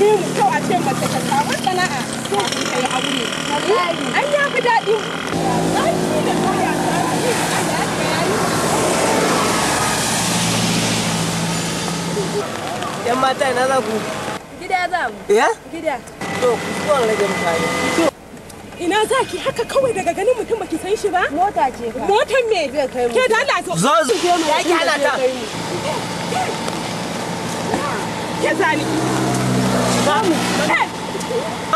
fi mu kyau a ce mace ta samu sana'a kafin An eh, ya fi daɗi. a a Yan mata ina za ku? Gida za mu. Ya? Gida. To, ku rage mutane. Ina za ki haka kawai daga ganin mutum baki san shi ba? Mota ce ka. Motar me? Zai kai mu. Ke da Allah zo. Zo zo. Ya ki hana Ke zani.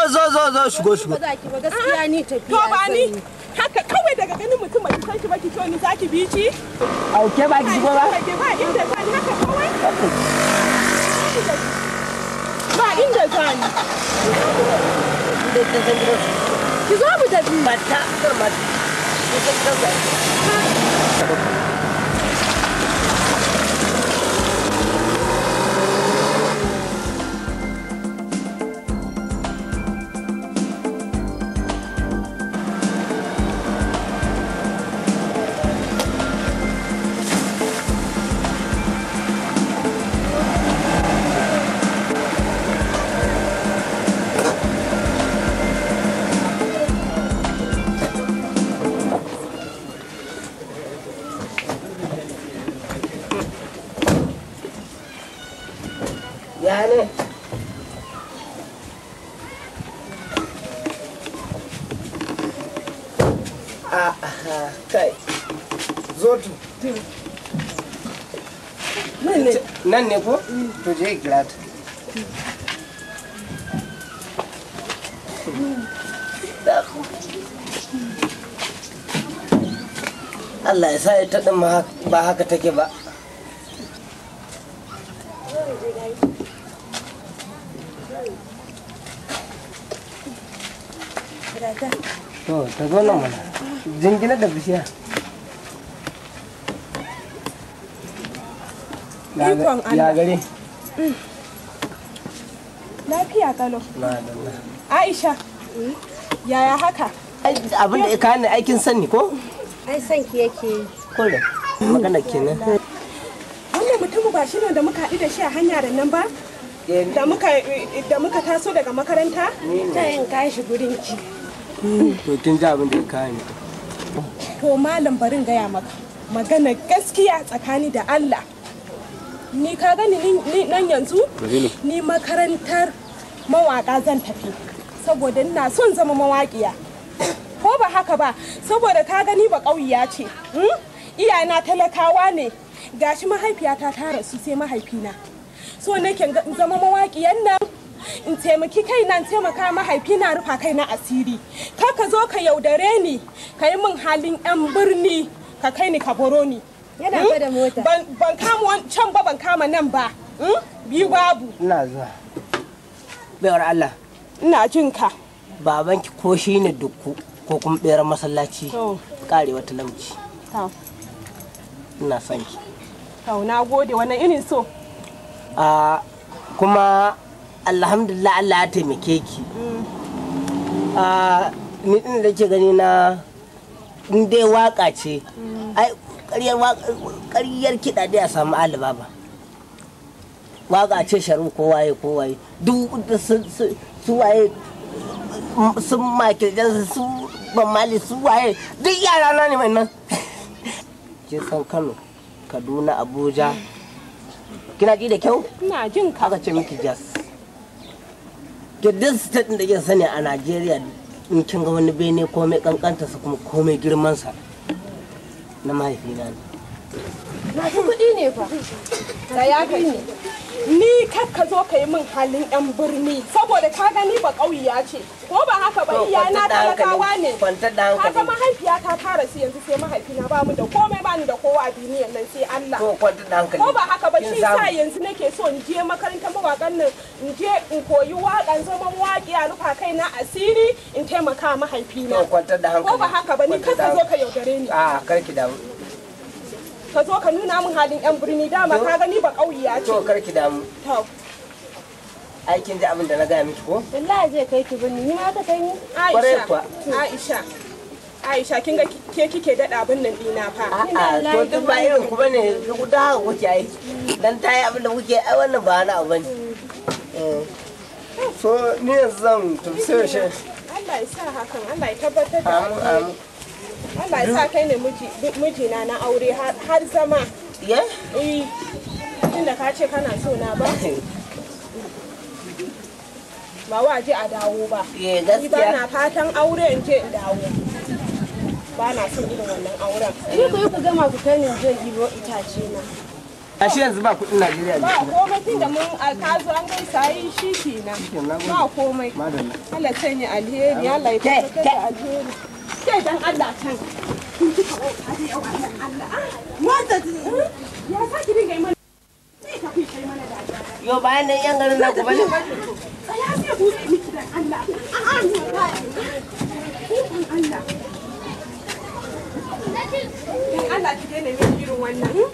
zo zo zo shigo shigo ba gaskiya ni tafiya to ba ni haka kawai daga ganin mutum ba ki san shi ba ki ni zaki bi ba ki shigo ba ba inda ba ni haka kawai ba inda ba ni ki zo mu tafi mata mata nan ne ko to je glad Allah ya sa ita din ba haka take ba to ta zo nan mana jingina da bishiya Ikon Allah. Ya gare. Mm. Lafiya kalo. Aisha. Yaya haka? Abin da ka hana aikin sani ko? Ai san ki yake yi. Kore. Magana kenan. Wannan mutumin ba shi ne da muka haɗu da shi a hanya da nan ba? Eh, da muka taso daga makaranta? Ta yin kashi gurinki. Hmm, to kin ji abin da ka hana. To malam barin gaya maka. Magana gaskiya tsakani da Allah. ni ka gani ni nan yanzu ni makarantar mawaka zan tafi saboda ina son zama mawaƙiya ko ba haka ba saboda ka gani ba ƙauya ce hmm? iyana talakawa ne gashi mahaifiyata ta rasu sai mahaifina so nake zama mawaƙiyan nan in taimaki kai nan taimaka mahaifi na rufa kai na asiri ka ka zo ka yaudare ni ka yi min halin yan birni ka kai ni ka boro ni yana fa hmm? da mota ban kama can ba ban kama nan ba hmm? biyu babu ina zuwa bayar Allah ina jin ka babanki ko shi ne dukku ko kuma bayar masallaci karewa talauci ina son ki na gode wannan irin so a kuma alhamdulillah Allah ya taimake ki hmm. a ni din da ke gani na dai waka ce ƙaryar kiɗa dai a samu alibaba waka ce sharu kowaye kowaye duk da su waye su makil su ban mali su waye duk yara na ne nan ke san kano kaduna abuja kina ji da kyau ina jin ka ce miki jas ke duk state da ke sani a najeriya in kin ga wani bene komai kankanta su kuma komai girman sa năm nay thì là Masu kuɗi ne fa. da ya ne. Ni kar ka zo ka yi min halin 'yan birni saboda ka gani ba ƙauya ce ko ba haka ba iya na talakawa ne ka ga mahaifiya ta fara su yanzu sai mahaifina ba mu da komai ba ni da kowa a duniyar nan sai Allah ko ba haka ba shi sa yanzu nake so in je makarantar mawakan nan in je in koyi waƙan zaman waƙi a rufa kai na asiri in taimaka mahaifina ko ba haka ba ni kar ka zo ka yaudare ni a karki da ka zo ka nuna min halin yan birni dama ka gani ba ƙauya ce to karki damu aikin ji abin da na gaya miki ko wallahi zai kai ki birni ni ma ka kai ni aisha aisha Aisha kin ga ke kike daɗa abin nan dina fa. A'a to duk ba irin ku bane ku da haka kuke ai. Dan tayi abin da kuke ai wannan ba na abu bane. Mm. Eh. So ni yanzu zan tumsiyar shi. Allah ya sa hakan Allah ya tabbatar da. Amin Allah ya sa kai ne mijina na aure har zama. Ya? Eh. Tunda ka ce kana so na ba. Ba wa je a dawo ba. Ye gaskiya. Ni ba na fatan aure in je in dawo. Ba na son irin wannan auren. Eh. Ni ku yi ku gama ku kai ni je giro itace na. a shi yanzu ba kudin Najeriya ne. Ba komai tun da mun alkazu an gai sayi shi kenan. Ba komai. Allah sanya alheri, Allah ya tabbata alheri. ke dan Allah can kun ci ta Allah ah, ya sa ki dinga yi mana sai ka kai mana da yo bayan nan yan garin na ah, ah, ne ku dan Allah a Allah dan Allah ki irin wannan hmm?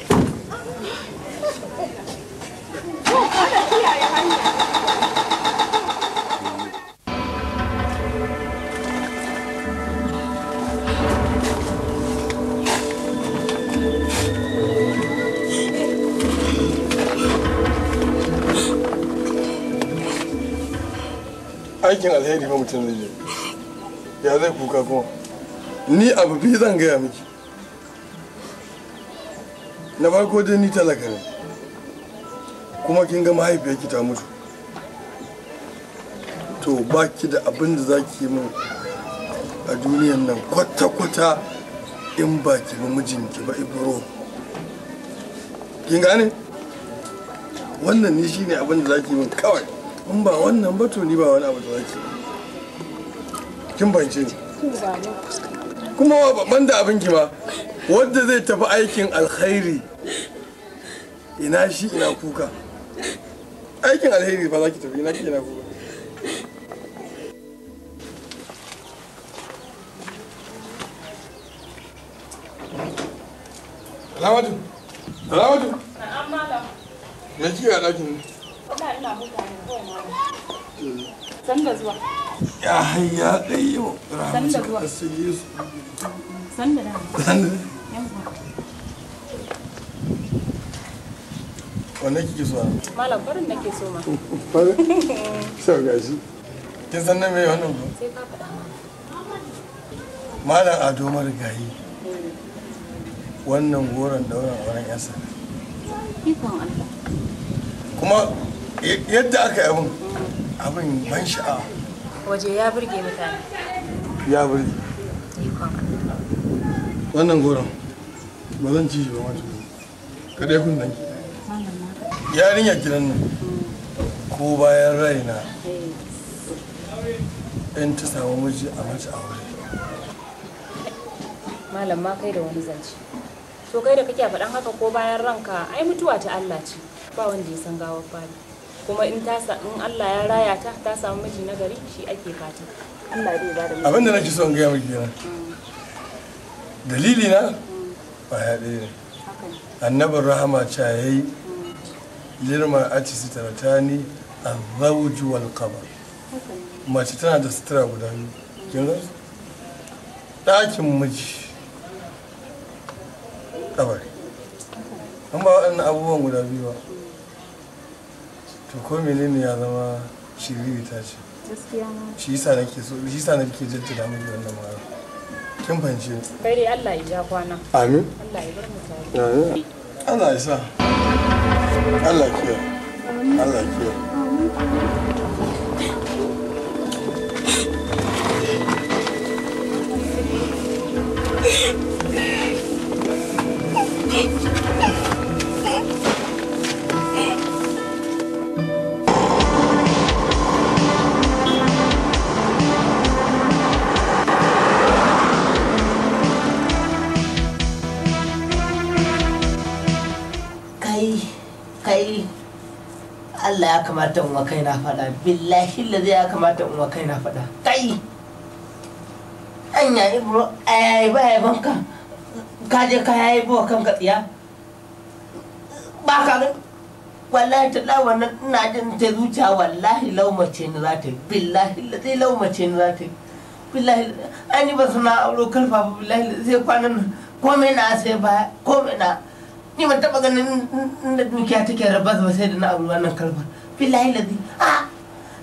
aikin alheri ba mutum zai ya zai kuka kuma ni abu biyu zan gaya miki na farko dai ni talaka ne kuma kin ga mahaifiyarki ta mutu to ba ki da abin da za ki min a duniyan nan kwata-kwata in ba ki ba mijinki ba ibro kin gane wannan ni shine abin da za ki min kawai in ba wannan ba to ni ba wani abu da zaki kin bance ni kuma babban da abin ki ma wanda zai tafi aikin alkhairi ina shi ina kuka aikin alheri ba za ki tafi ina ki ina kuka Na'am malam. Me kike a ɗakin da ya hayya dai yau san da zuwa san kike so malam farin ke so ma farin sau gashi kin san wannan ko malam ado marigayi wannan goron dauran auren yansa ikon kuma yadda aka yi abin abin ban sha'a waje ya burge mutane ya burge wannan goron ba zan ci shi ba ka dai kun nan ki yarinya kiran nan ko bayan raina in ta samu miji a a aure malam ma kai da wani zance to kai da kake faɗan haka ko bayan ranka ai mutuwa ta Allah ce ba wanda ya san gawar fari kuma in ta in Allah ya raya ta ta samu miji na gari shi ake fata Allah ba da abin da nake so in ga miki kenan dalili na ba ya ɗaya annabin rahama cha yayi lirma ci sitara ta ni azawju wal qabr mace tana da sutura guda biyu kin ga ɗakin miji kabari an ba waɗannan abubuwan guda biyu ba to ko menene ya zama shiriri ta ce shi yasa nake so shi yasa nake jinta da wannan kin fahimce Allah ya kwana amin Allah ya sa Allah ya Thank Allah ya kamata in kai na faɗa billahi zai ya kamata in wa na faɗa kai anya ibro ayayi ba ya banka ka je ka yayi kan ka tsiya ba ka ga wallahi ta la wannan ina jin ta zuciya wallahi laumace ni za ta billahi billahi zai laumace ni za ta yi billahi ani ba suna aure karfa billahi zai kwanan komai na sai baya komai na ni ban taba ganin inda dukiya take rabas ba sai da na abu wannan kalmar billahi lazi a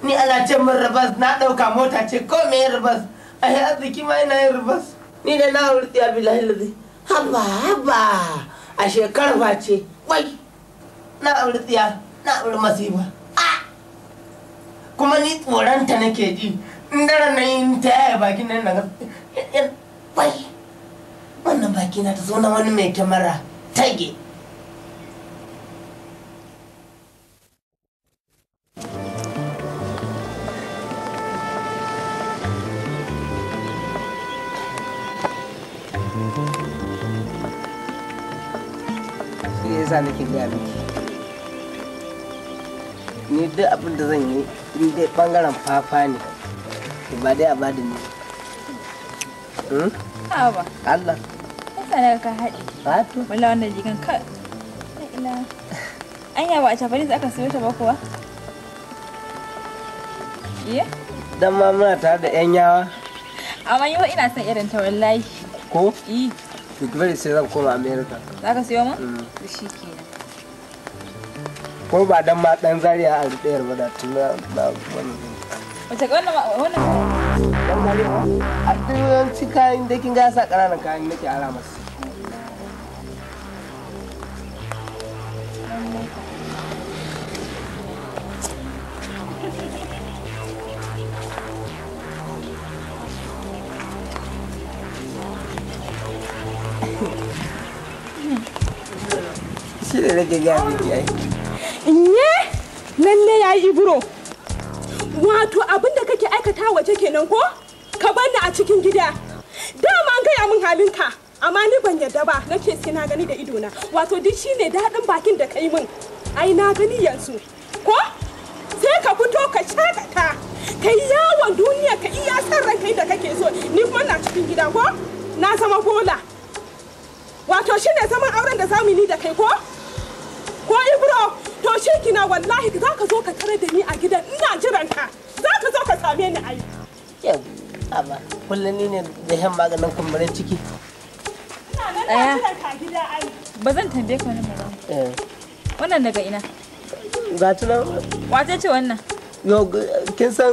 ni ana ce min rabas na dauka mota ce ko me rabas ai arziki ma ina yin rabas ni da na aure ya billahi lazi haba haba a shekar ba ce wai na aure tsiya na aure masifa a kuma ni tsoronta nake ji in daren na yin ta yaya bakin nan daga wai wannan baki na ta zo na wani mai kyamara tage yasa nake gaya miki ni duk abin da zan yi ni dai bangaren fafa ne ba dai a bada hmm? ne ba Allah. Kasa daga ka haɗi. Wato. Wala wannan jigan ka. ila Anya ba a tafari za ka siyo ta ba kuwa? Iya? Dan ma muna tare da 'yan yawa. Amma yau ina son irin ta wallahi. Ko? eh to sai zan koma america za ka siyo ma da mm. shi ko ba dan ma dan a rubiyar ba da tun na wani wace wannan wannan dan zaria a duk ci kayan da kin gasa kananan kayan nake ara masa shi da nake gaya yayi ibro wato abin da kake aikata waje kenan ko ka bar ni a cikin gida dama an gaya min halinka amma ni ban yarda ba nake sai na gani da idona wato duk shine daɗin bakin da kai min ai na gani yanzu ko sai ka fito ka shakata ka yi yawon duniya ka iya san ranka da kake so ni kuma na cikin gida ko na zama bola wato shine zaman auren da zamu ni da kai ko ko ibro to shi kina wallahi za ka zo ka tare da ni a gidan ina jiran ka za ka zo ka same ni a ai yabba kullum ni ne da yan maganin kumburin ciki ina nan ka gida ai ba zan tambaye ka wani magana eh. wannan daga ina ga tunan wace ce wannan yo kin san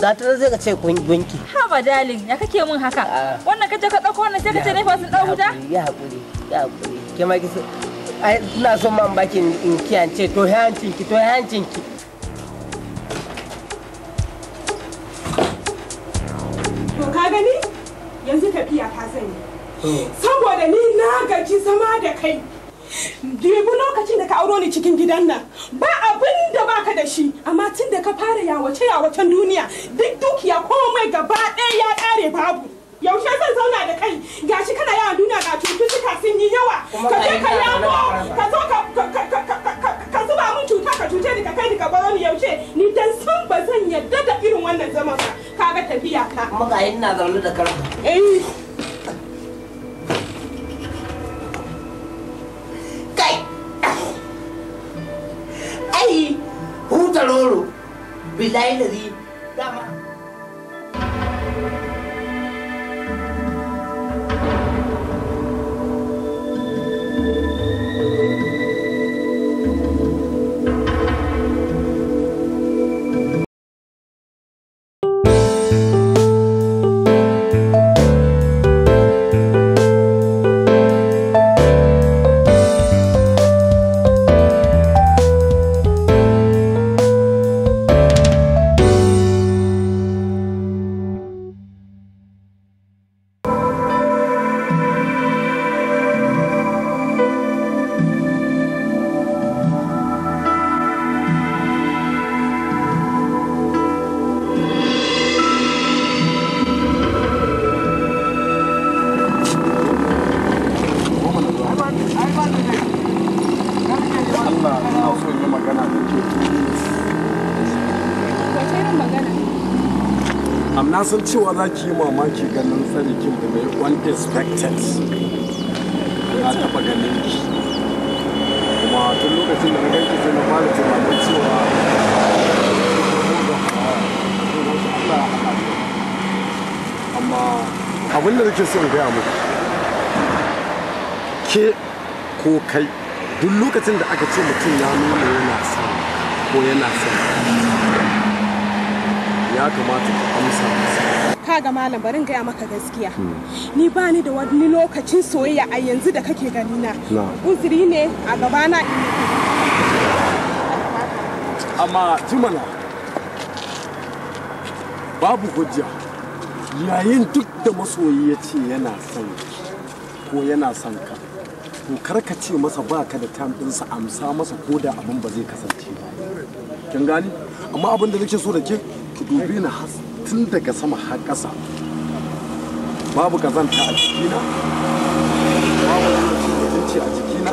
ga zai ka ce gunki. Ha ba dalin, ya kake mun haka? Ah. Wannan kaje ka ɗauko wannan sai ka ce ne fa sun ɗau huta? Ya haƙuri, ya haƙuri. Ke ma ki ai ina so man bakin in kiyance to hancin ki to hancin ki to ka gani yanzu tafiya ta sanya. Hmm. saboda ni na gaji zama da kai Dubu lokacin da ka auro ni cikin gidan nan ba abin da baka da shi amma tun da ka fara yawace yawacen duniya duk dukiya komai gaba ɗaya ya ƙare babu yaushe zan zauna da kai gashi kana yawan duniya ga cututtuka sun yi yawa ka je ka yamo ka zo ka zuba min cuta ka cuce ni ka kai ni ka baro ni yaushe ni dan san ba zan yadda da irin wannan zaman ka kaga tafiya ka kuma ga ina zaune da karka eh kai ai huta dama na san cewa za ki yi mamaki ganin tsari kin da mai unexpected ya taɓa ganin ki kuma tun lokacin da na ganki sai na fara tunanin cewa amma abin da nake son gaya muku ke ko kai duk lokacin da aka ce mutum ya nuna yana son ko yana son ya kamata ka amsa ka ga malam barin gaya maka gaskiya ni ba ni da wani lokacin soyayya a yanzu da kake gani na uzuri ne a gabana amma jimala babu hujja yayin duk da masoyi ya ce yana son ko yana son ka to karka ce masa ba ka da tam amsa masa ko da abin ba zai kasance ba kin gani amma abin da nake so da ke dubi na tun daga sama har ƙasa babu kazanta a jikina babu nuna a jikina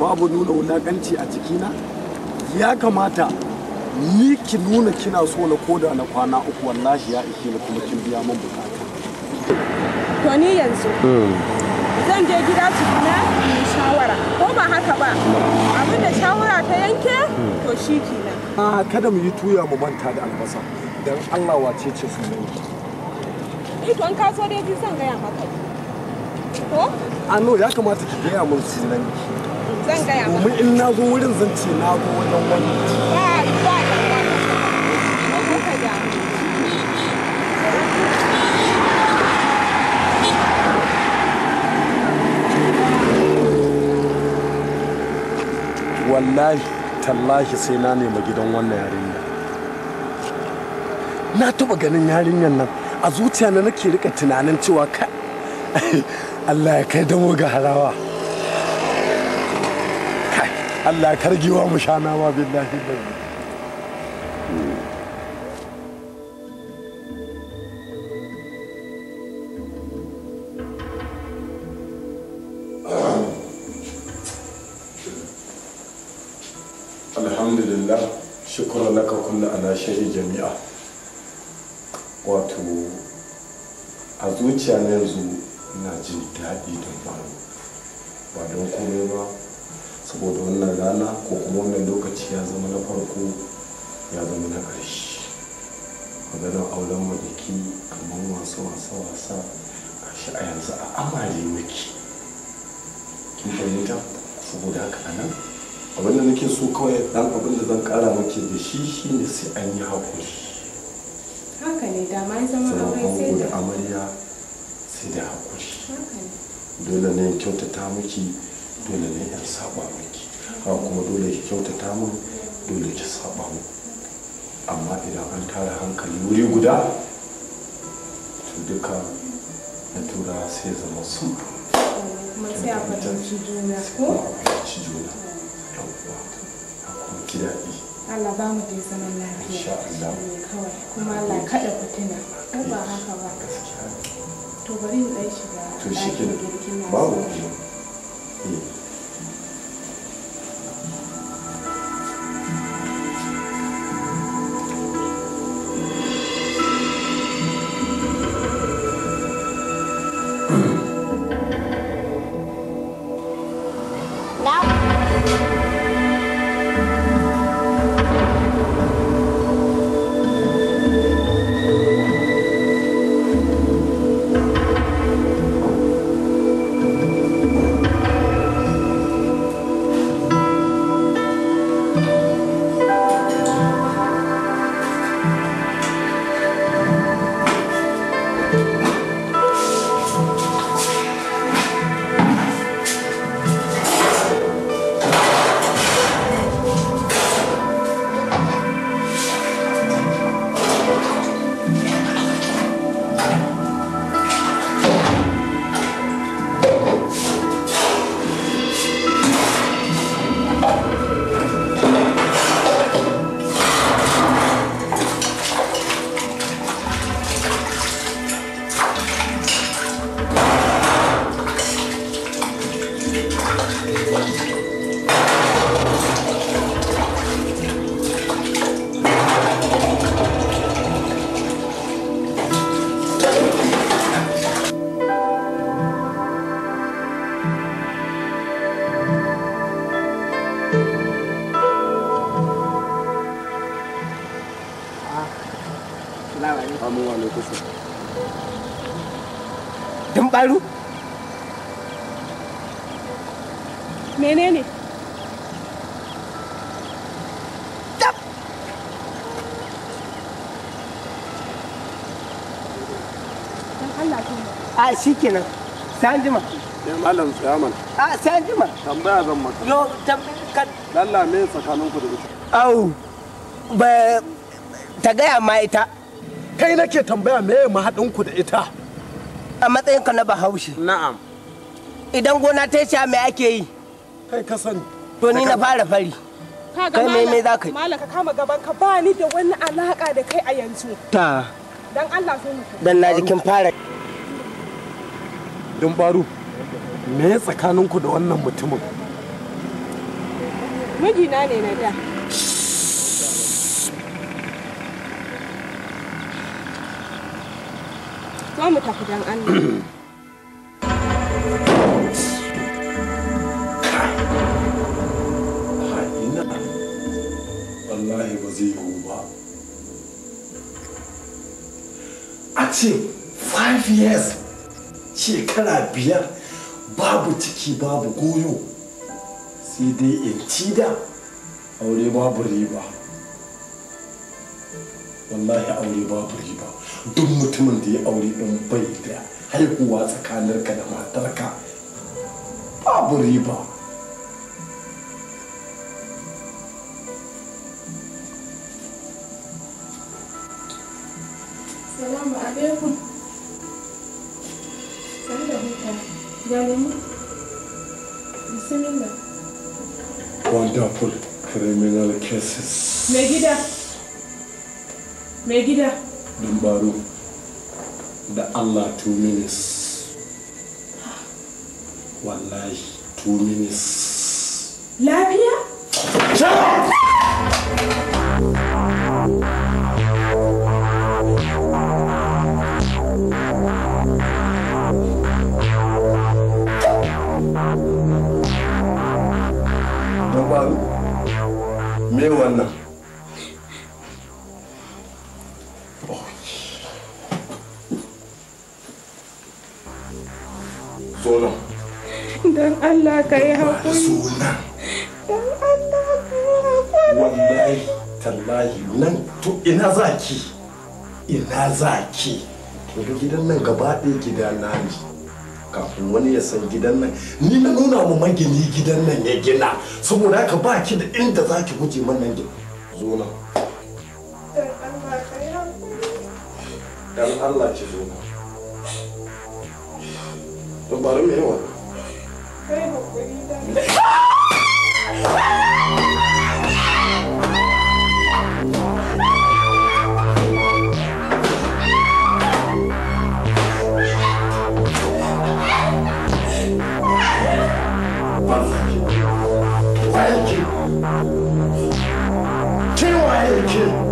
babu nuna wulaƙanci a jikina ya kamata ni ki nuna kina so na koda na kwana uku wallahi ya ishe ni kuma kin biya min bukata to ni yanzu hmm. zan je gida tukuna shawara ko ba haka ba hmm. abinda shawara ta yanke hmm. to shi ke a kada mu yi tuya mu manta da albasa don Allah wace ce su ne ito an kaso dai ji san gaya maka ko a no ya kamata ki gaya mun sunan zan gaya maka mun in na zo wurin zan ce na zo wannan wani ba ba wallahi tallahi sai na nema gidan wannan yarinya na taba ganin yarinyar nan a zuciya na nake rika tunanin cewa ka Allah ya kai damo ga harawa Allah ya kargiwa mu shana ma billahi kulla ala jami'a wato a zuciya na yanzu ina jin daɗi da faru ba don komai ba saboda wannan rana ko kuma wannan lokaci ya zama na farko ya zama na ƙarshe maganar auren madaki kamar wasa wasa wasa shi a yanzu a amare maki kin fahimta saboda haka anan abinda nake so kawai dan abinda zan kara maki da shi shine sai an yi hakuri haka ne da ma zama aure sai da amarya sai da hakuri dole ne kyautata miki dole ne yan saba miki haka kuma dole ki kyautata min dole ki saba mu. amma idan an tara hankali wuri guda to duka na tura sai zama sun kuma sai a fahimci juna ko? juna ki daɗi Allah ba mu dai zaman lafiya ne kawai kuma Allah kaɗa fitina ko ba haka ba to bari in ɗan shiga ɗakin girkin na babu kuma eh. a shi kenan sai an jima eh, malam tsayaman a sai an jima tambaya zan maka yo tambayar lalla me tsakanin ku da ita au ba ta gaya ma ita kai nake tambaya me mahaɗin ku da ita a matsayin ka na bahaushe na'am idan gona ta sha me ake yi kai ka sani to ni na fara fari kai me me zaka yi malaka kama gaban ka ba ni da wani alaka da kai a yanzu ta dan Allah sai mu dan naji kin fara don baro me ya tsakaninku da wannan mutumin mijina ne na da za mu tafi don allah biyar babu ciki babu goyo sai dai in da aure babu riba wallahi aure babu riba duk mutumin da ya aure ɗin bai da haihuwa tsakaninka da matarka babu riba cases mai megida mai gida da allah two minutes wallahi two minutes lafiya? Dumbaro me wannan zonon don allah ka yi haƙuri don allah ka yi haƙuri wallahi tallahi nan to ina zaki ina zaki gidan nan gaba ɗaya na ne kafin wani ya san gidan nan ni na nuna mu magini gidan nan ya gina saboda haka ba ki da inda za ki guje man nan gida zo na dan Allah ki zo na to bari mu wa kai hakuri da Wait. Can't wait.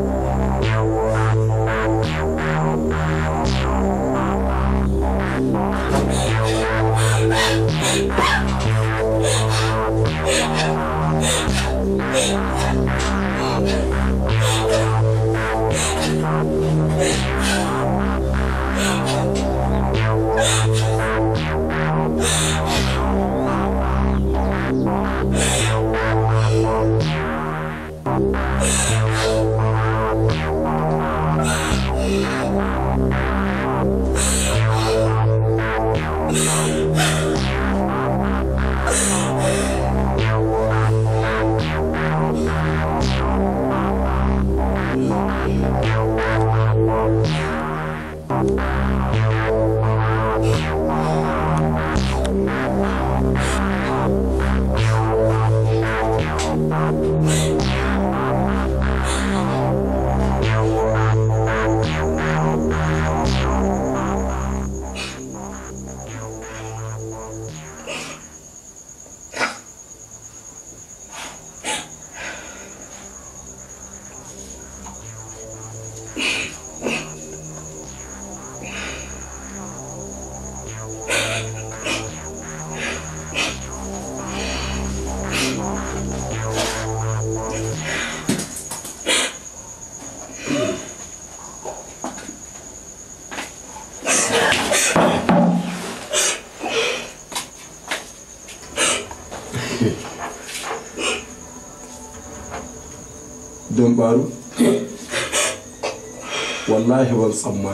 Thank you.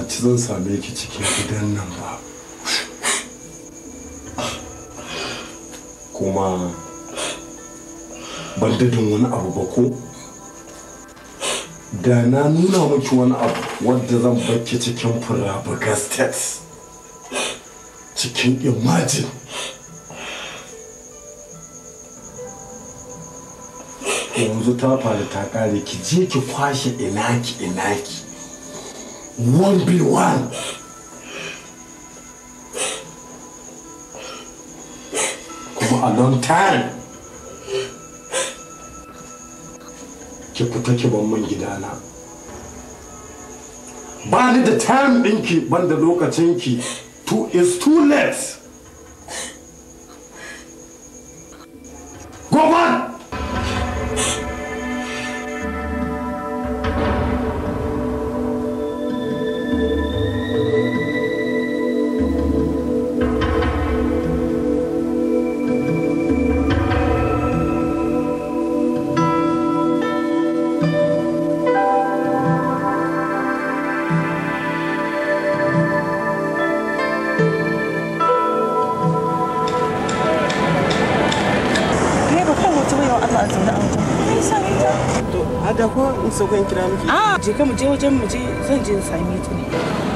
ci zan same ki cikin gidan nan ba kuma ban wani abu ba ko da na nuna miki wani abu wadda zan baki cikin furabuga state cikin imajin yanzu ta fara ta kare ki je ki kwashe inaki inaki one by one. Kuma a long time. Ki fita ki ban min gidana. Ba ni da time ɗinki ban da lokacinki. Too, it's too late. Go on! saukan kira miki. Ah, je ka mu je wajen mu je zan je sami same ta ne.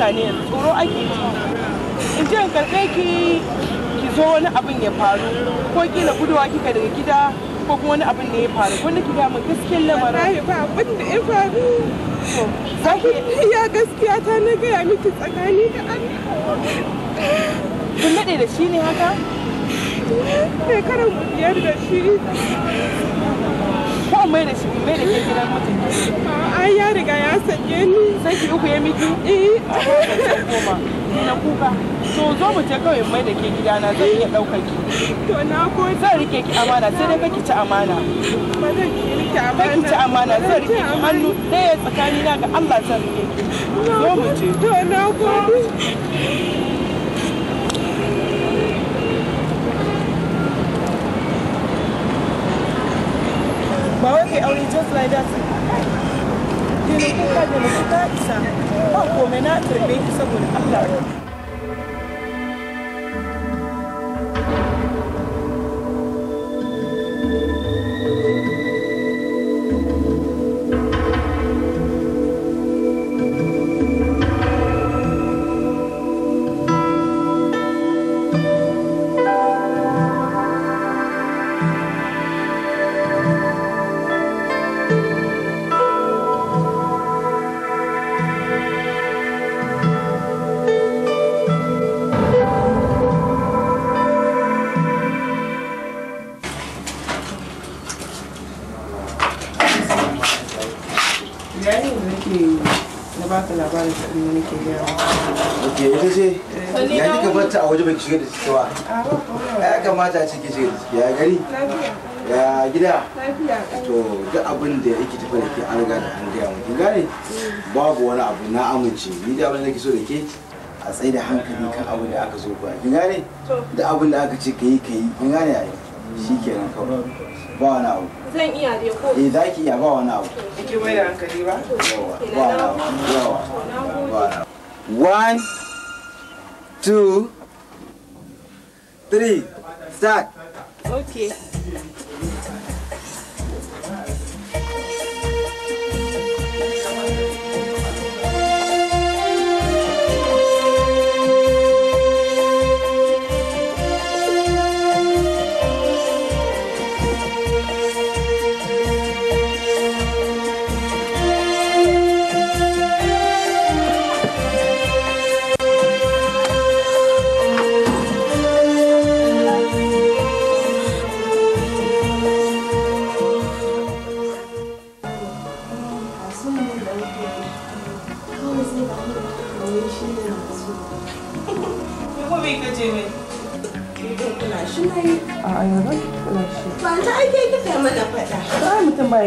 mutane yanzu tsoro ake in ji in kai ki ki zo wani abin ya faru ko kila guduwa kika daga gida ko kuma wani abin da ya faru ko ki ga mun gaskiyar lamarin ba abin da ya faru zaki ya gaskiya ta na gaya miki tsakani da Allah kun daɗe da shi ne haka shekaran mu biyar da shi ko mai da shi mai da ke gidan mutum sai ki uku ya miki eh na kuka to zo mu je kawai mai da ke gidana zan iya daukar ki to na ko zan rike ki amana sai dai kake ci amana ba zan rike amana kake ci amana zan rike ki hannu daya tsakani na ga Allah zan rike ki zo mu je to na ko ba wai aure just like that karbi ta isa ba komai na karbe ki saboda Allah ciki ya gani ya gida to duk abin da yake tafi da ke an gane an gaya mu gane mm. babu wani abu na amince ni da abin da nake so da ke a tsaye da hankali kan abin da aka zo ba kin gane da abin da aka ce kayi kayi kin gane ai shikenan kawai ba wani abu zan iya dai ko eh zaki iya ba wani abu kike mai da hankali ba ba wani abu ba wani abu one two three Start. Okay.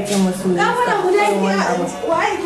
aikin musulunci. Kafin guda biyu a wani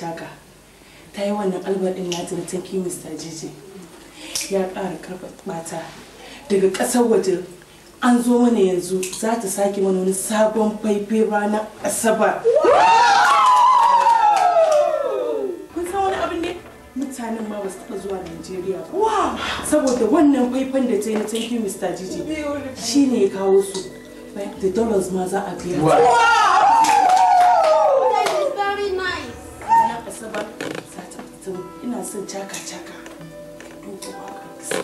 caka ta yi wannan albar din mr jiji ya ƙara karɓata daga ƙasar waje an zo mana yanzu za ta sake mana wani sabon faife ranar asabar kun san wani abin ne mutanen ma basu taɓa zuwa Najeriya ba saboda wannan faifan da ta yi na thank mr jiji shine ya kawo su da dollars ma za a biya son caka-caka ka duba waƙarsa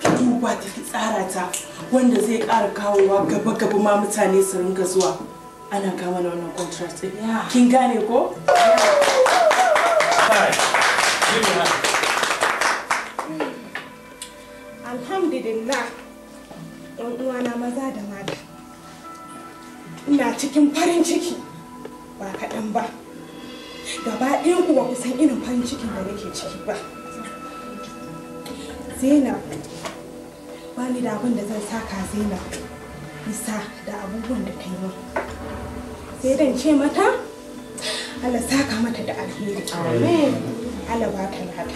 ka duba ta ki tsara ta wanda zai kara kawowa gaba-gaba ma mutane su ringa zuwa ana kama na wannan contract ɗin kin gane ko? Hmm. alhamdulillah ɗan uwana maza da mata ina cikin farin ciki ba kaɗan ba gaba ɗaya kuwa kusan irin farin cikin da nake ciki ba zainab ba ni da abin da zan saka zainab Isa da abubuwan da ta yi sai dan ce mata Allah saka mata da alheri amen Allah ba ta lada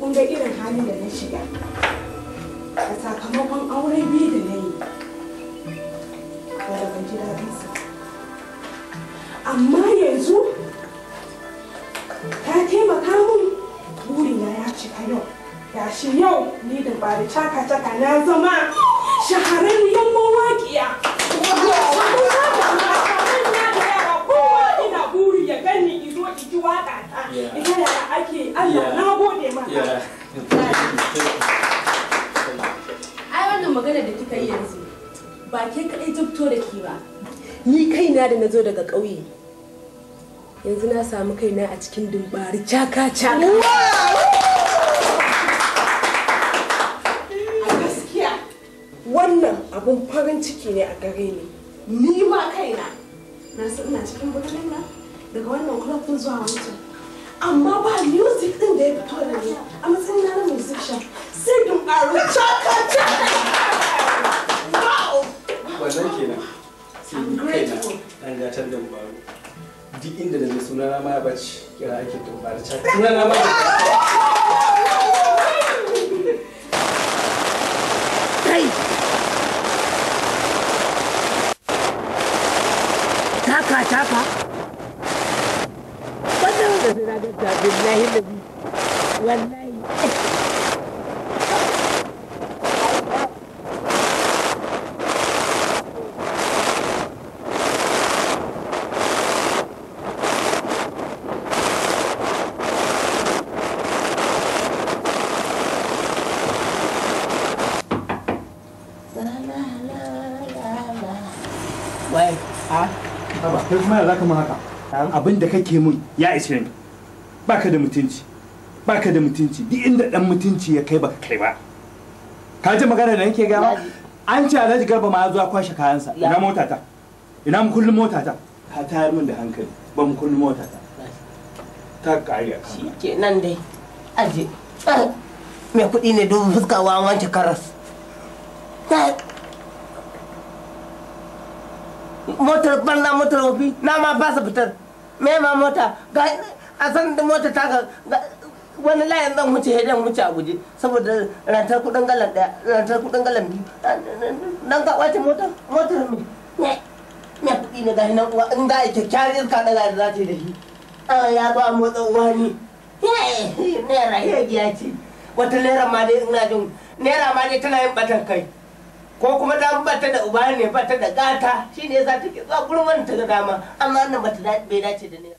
kun ga irin halin da na shiga a sakamakon aure biyu da na yi ba da ban ji amma yanzu ta taimaka mun burina ya cika yau shi yau ni da bari caka caka na zama yan mawaƙiya ina buri ya gani izo iji waƙa ta ita da ake allah na kaina da na zo daga ƙauye yanzu na samu kaina a cikin dumbari caka caka wannan abun farin ciki ne a gare ni ni ma kaina na san ina cikin bakin na daga wannan club din zuwa wancan amma ba music din da ya fito da ni a matsayin na music shop sai dumbaro caka caka wow wannan kenan I'm grateful. Duk inda da suna na ma ya bace kira ake ta. Suna na ma Taka taka. Wannan da zira da lahi nabi. Wallahi kuma ya kamar haka abin da kake mun ya ishe ni baka da mutunci baka da mutunci duk inda dan mutunci ya kai baka kai ba ka ji magana da nake ga ba an ce Alhaji Garba ma ya zo kwashe kayansa ina mota ta ina mu kullum mota ta ka tayar min da hankali ba mu kullum mota ta ta kare a nan dai aje mai kuɗi ne don fuskawa wancan karas motar banza motar wofi na ma ba su fitar me ma mota ga a san da mota ta ga wani layin zan wuce ya dan wuce a guje saboda rantar kudin galan daya rantar kudin galan biyu dan ka kwace motar motar me me kudi ne ga na uwa in ga ka iska da za ta da shi ah, ya ba a motsa uwa ne ra ya ce wata naira ma dai ina jin naira ma dai tana yin batar kai ko kuma ta bata da uba ne bata da gata shine yasa take zuwa gurin wani ta ga dama amma wannan bata bai dace da ni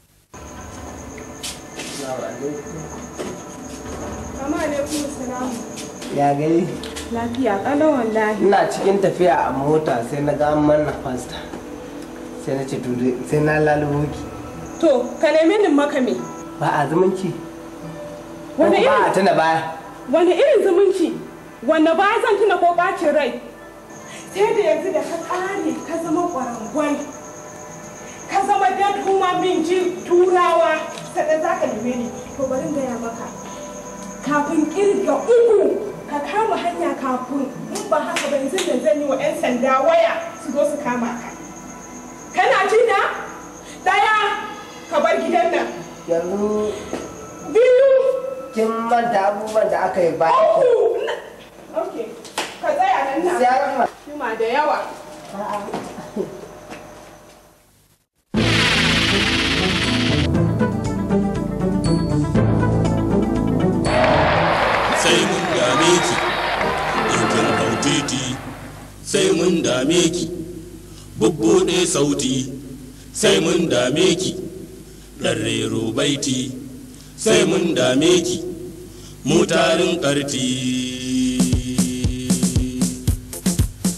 ya gani lafiya kana wallahi ina cikin tafiya a mota sai na ga mana fasta sai na ce sai na lalubo ki to ka neme ni maka me ba a zumunci wani irin ba a tuna baya wani irin zumunci wani ba zan tuna ko bacin rai sai da yanzu da ka tsare ka zama kwarangwai ka zama dan kuma min ji turawa sada za ka neme ni to gaya maka kafin kirga uku ka kama hanya kafin in ba haka ba yanzu da zan yi wa 'yan sanda waya su zo su kama ka kana ji na daya ka bar gidan nan yanzu biyu kin manta abubuwan da aka yi baya ka tsaya nan nan ziyarar da yawa sai mun dame ki in sai mun dame ki bubbuɗe sauti sai mun dame ki rarrero baiti sai mun dame ki mutarin ƙarti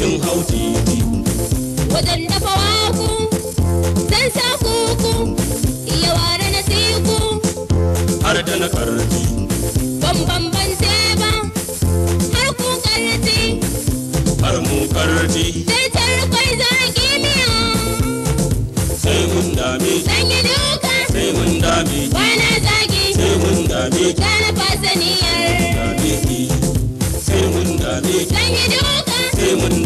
cikin hauti Wajen dafa waku, zan sa kuku, iya ware na siku. Har da na karfi. Ban ba, har ku karfi. Har mu karfi.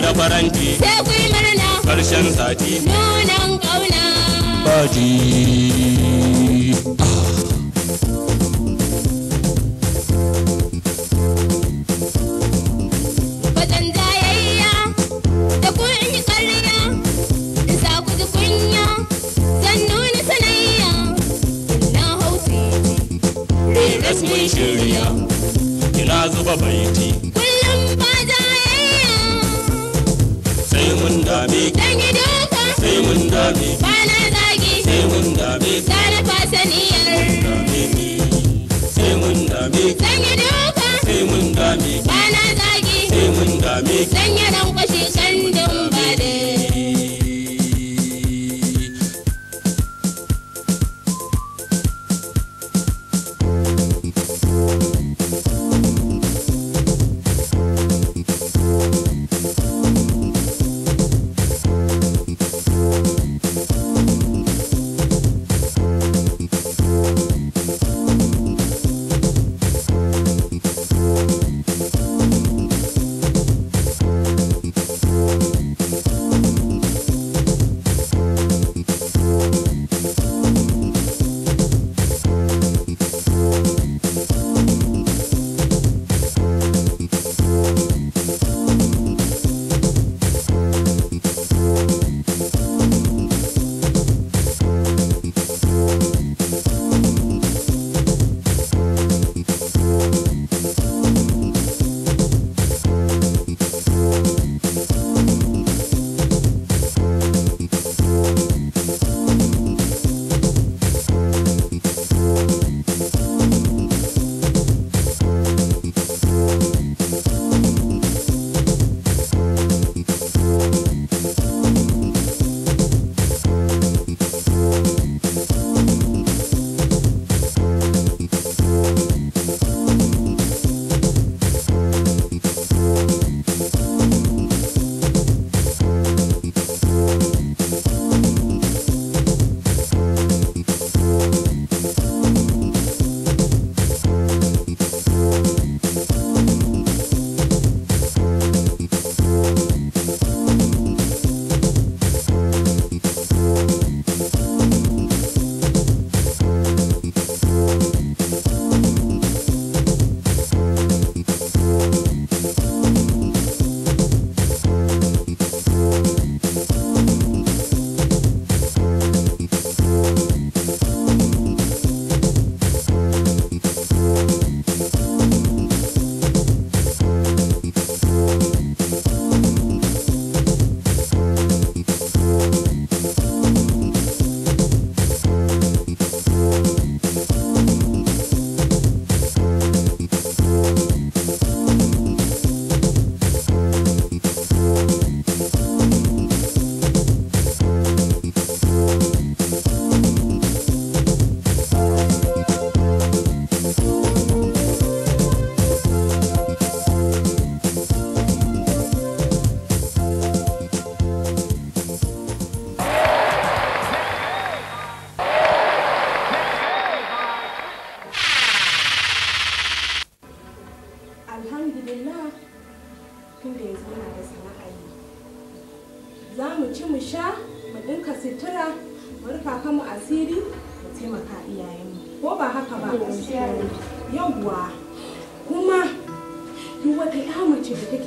da faranti sai ku yi murna karshen sati nunan kauna baji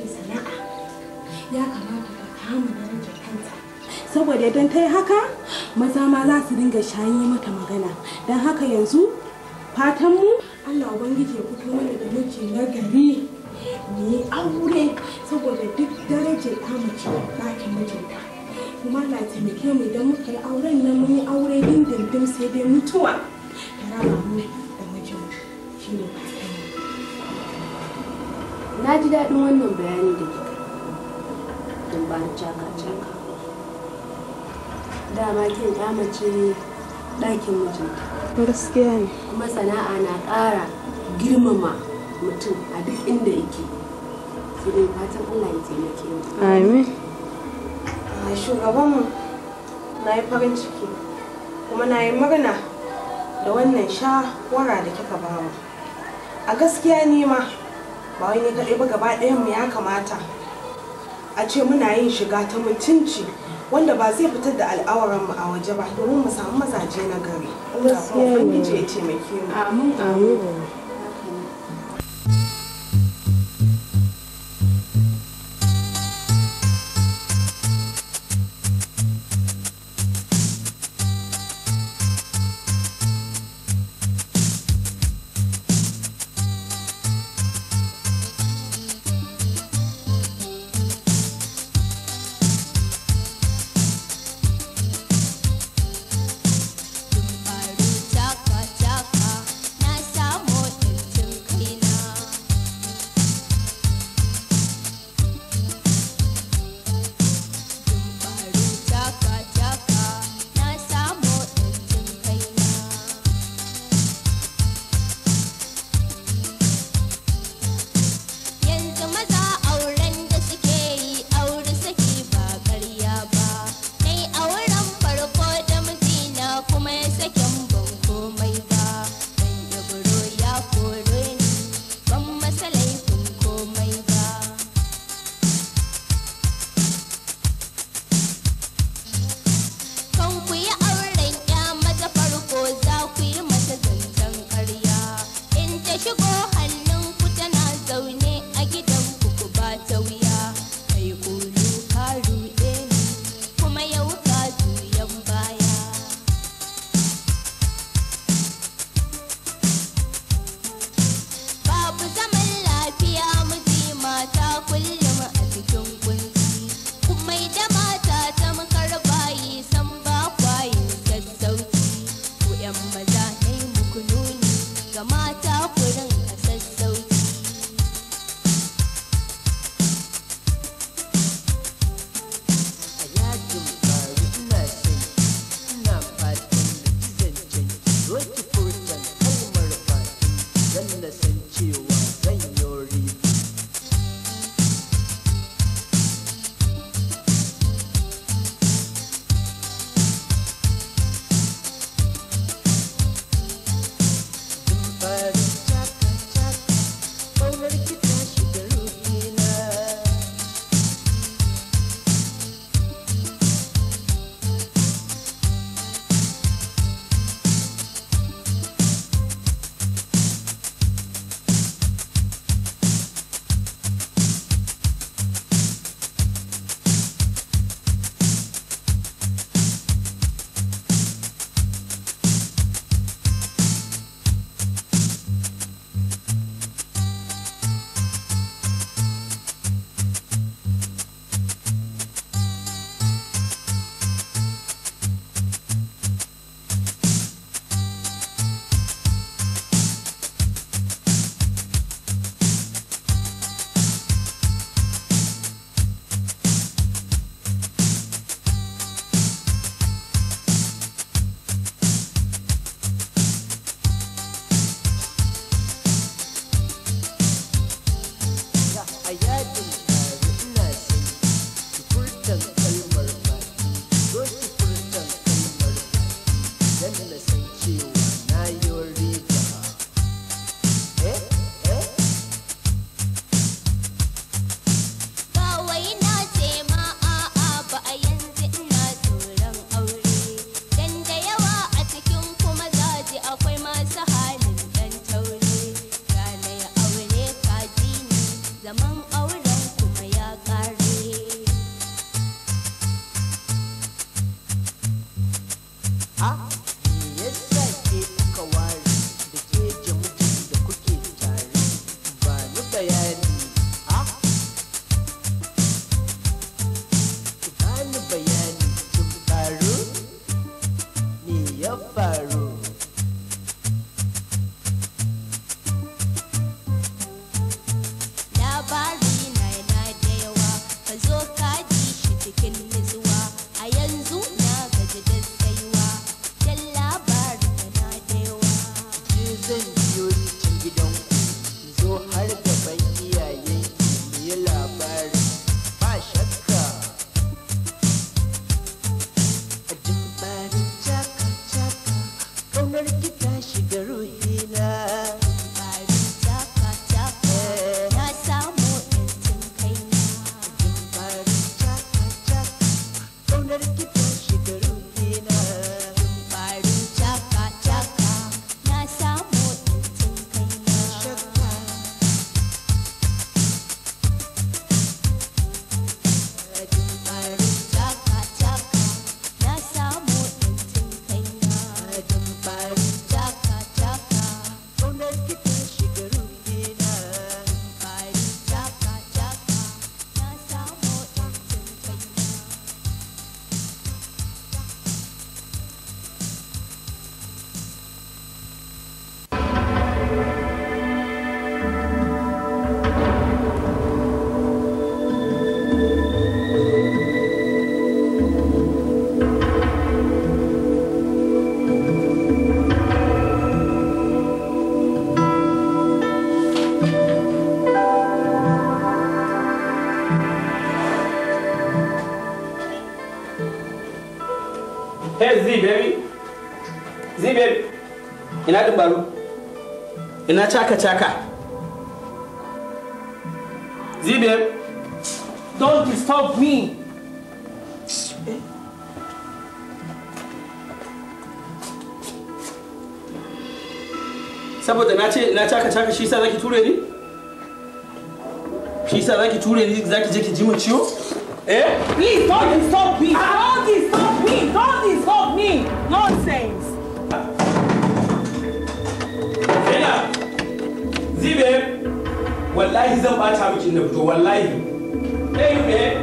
take sana'a ya kamata ka kama darajar kanta saboda idan ta yi haka maza ma za su dinga shayi mata magana don haka yanzu fatanmu allah ubangiji ya fito mana da miji na gari ne aure saboda duk darajar ta mace ba ki mijinta kuma na taimake mu idan muka yi auren nan mun yi aure dindindin sai dai mutuwa ta raba mu da mijinmu shine ba na ji daɗin wannan bayani da kika don ba caka caka dama kin mace ɗakin mijinta gaskiya ne kuma sana'a na ƙara girmama mutum a duk inda yake sai dai fatan Allah ya taimake mu amin shugabanmu na yi farin ciki kuma na yi murna da wannan shawara da kika bawa a gaskiya ne ma ba wai ne kaɗai ba gaba ɗayan mu ya kamata a ce muna yin shiga ta mutunci wanda ba zai fitar da al'auran mu a waje ba domin mu samu mazaje na gari. Allah ya taimake mu. Amin. Amin. ina dubaru ina caka caka zibe don't disturb me saboda na ce na caka caka shi sa zaki ture ni shi sa zaki ture ni zaki je ki ji mun ciwo eh please don't disturb me don't disturb me don't disturb me nonsense zibe wallahi zan bata miki da fito wallahi zibe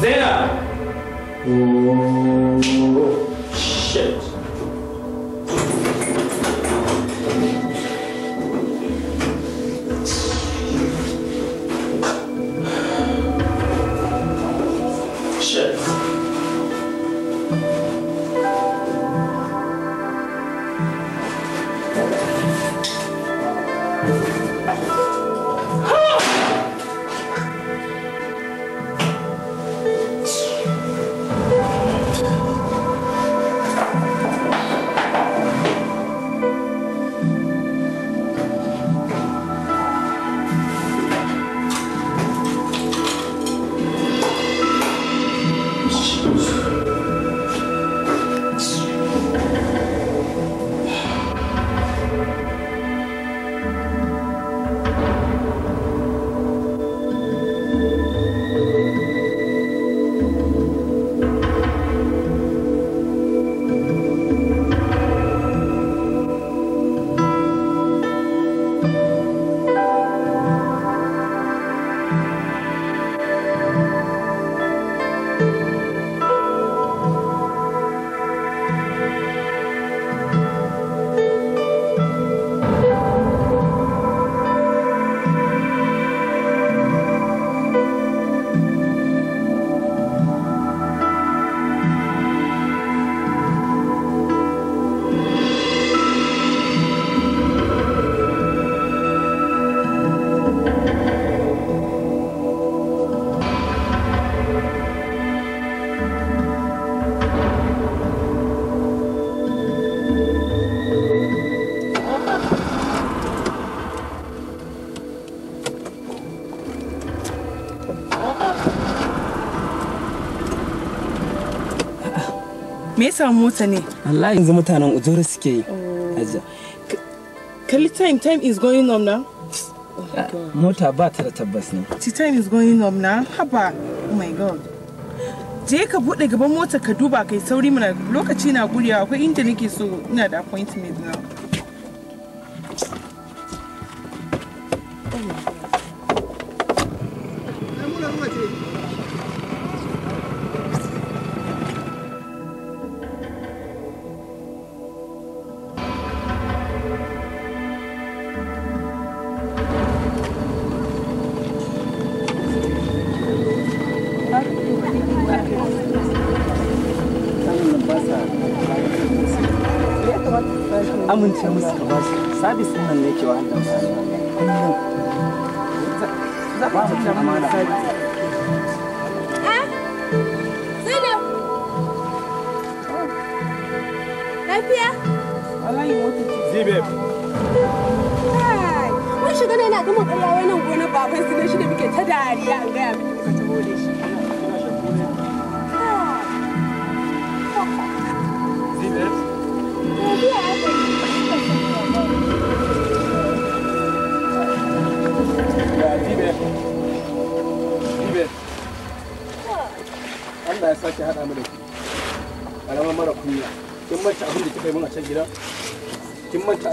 zainab oh shit samu mota ne Allah yanzu mutanen ujura suke yi oh. Kali time time is going on now oh ah, mota ba ta da tabbas ne ti time is going on now haba oh my god je ka bude gaban mota ka duba kai sauri mana lokaci na guriya akwai inda nake so ina da appointment now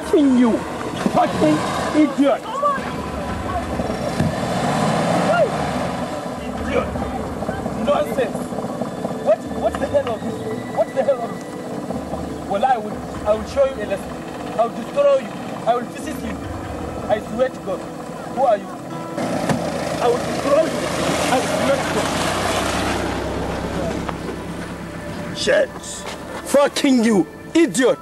touching you. Touching idiot. Idiot. Nonsense. What, what the hell of you? What the hell of you? Well, I will, I will show you a lesson. I will destroy you. I will visit you. I swear to God. Who are you? I will destroy you. I swear to God. Shit. Fucking you, idiot.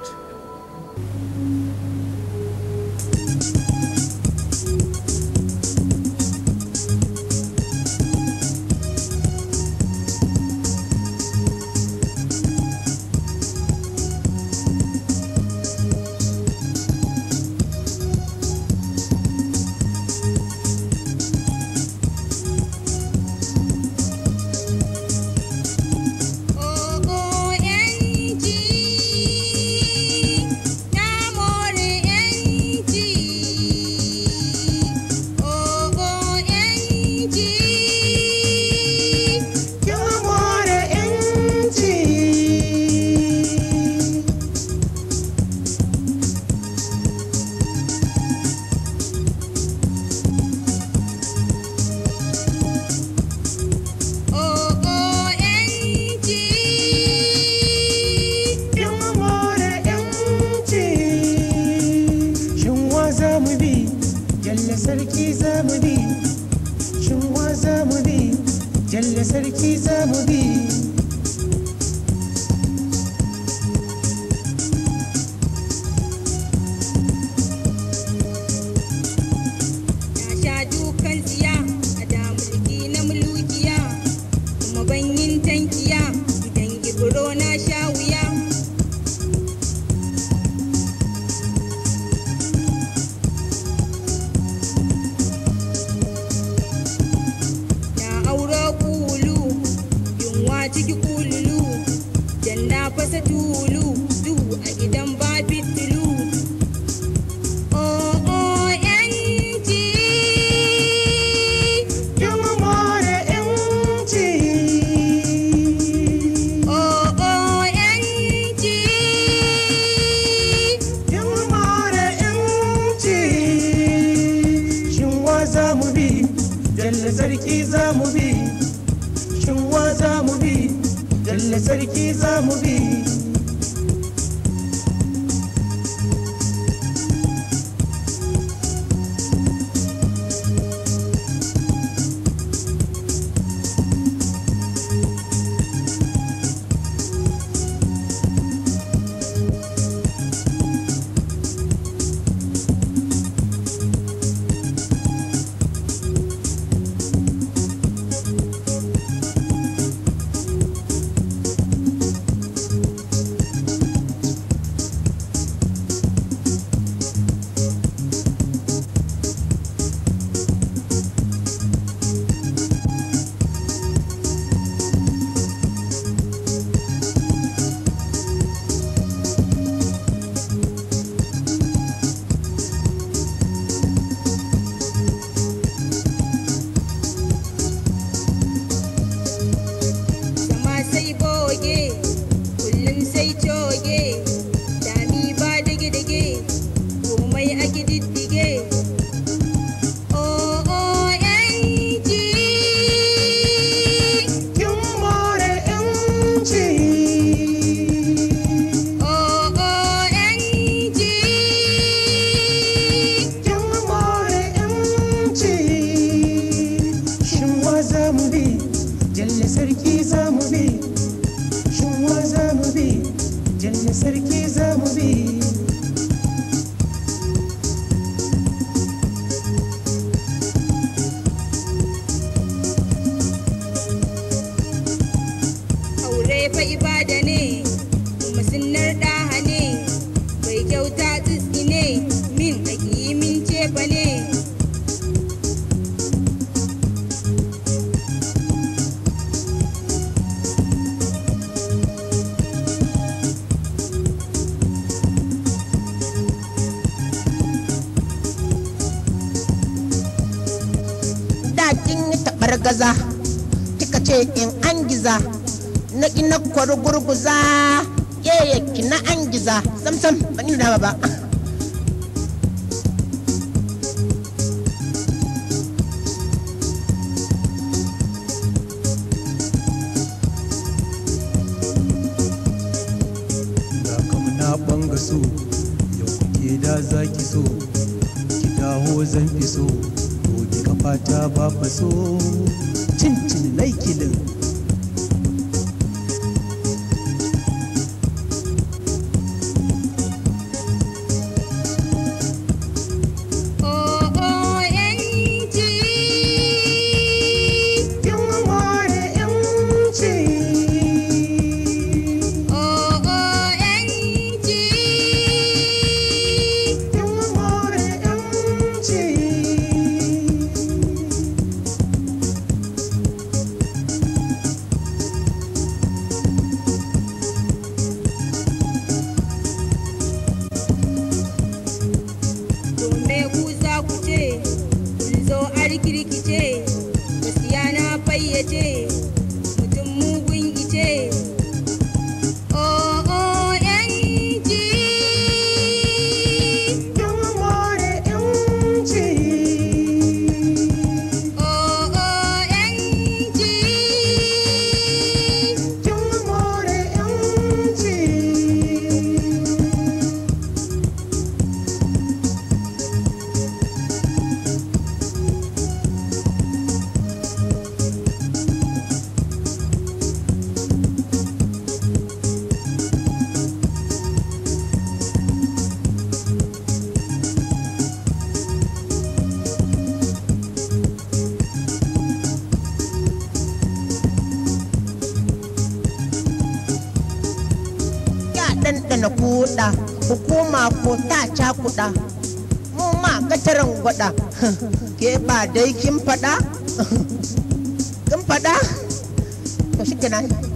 ciki kullu janna fasatu in angiza na ina kwaru gurguza yayyaki na angiza sam sam ban yi ba na kuɗa hukuma ko ta cakuɗa mu ma kataran gwada ke ba dai kin fada kin faɗa to shi kenan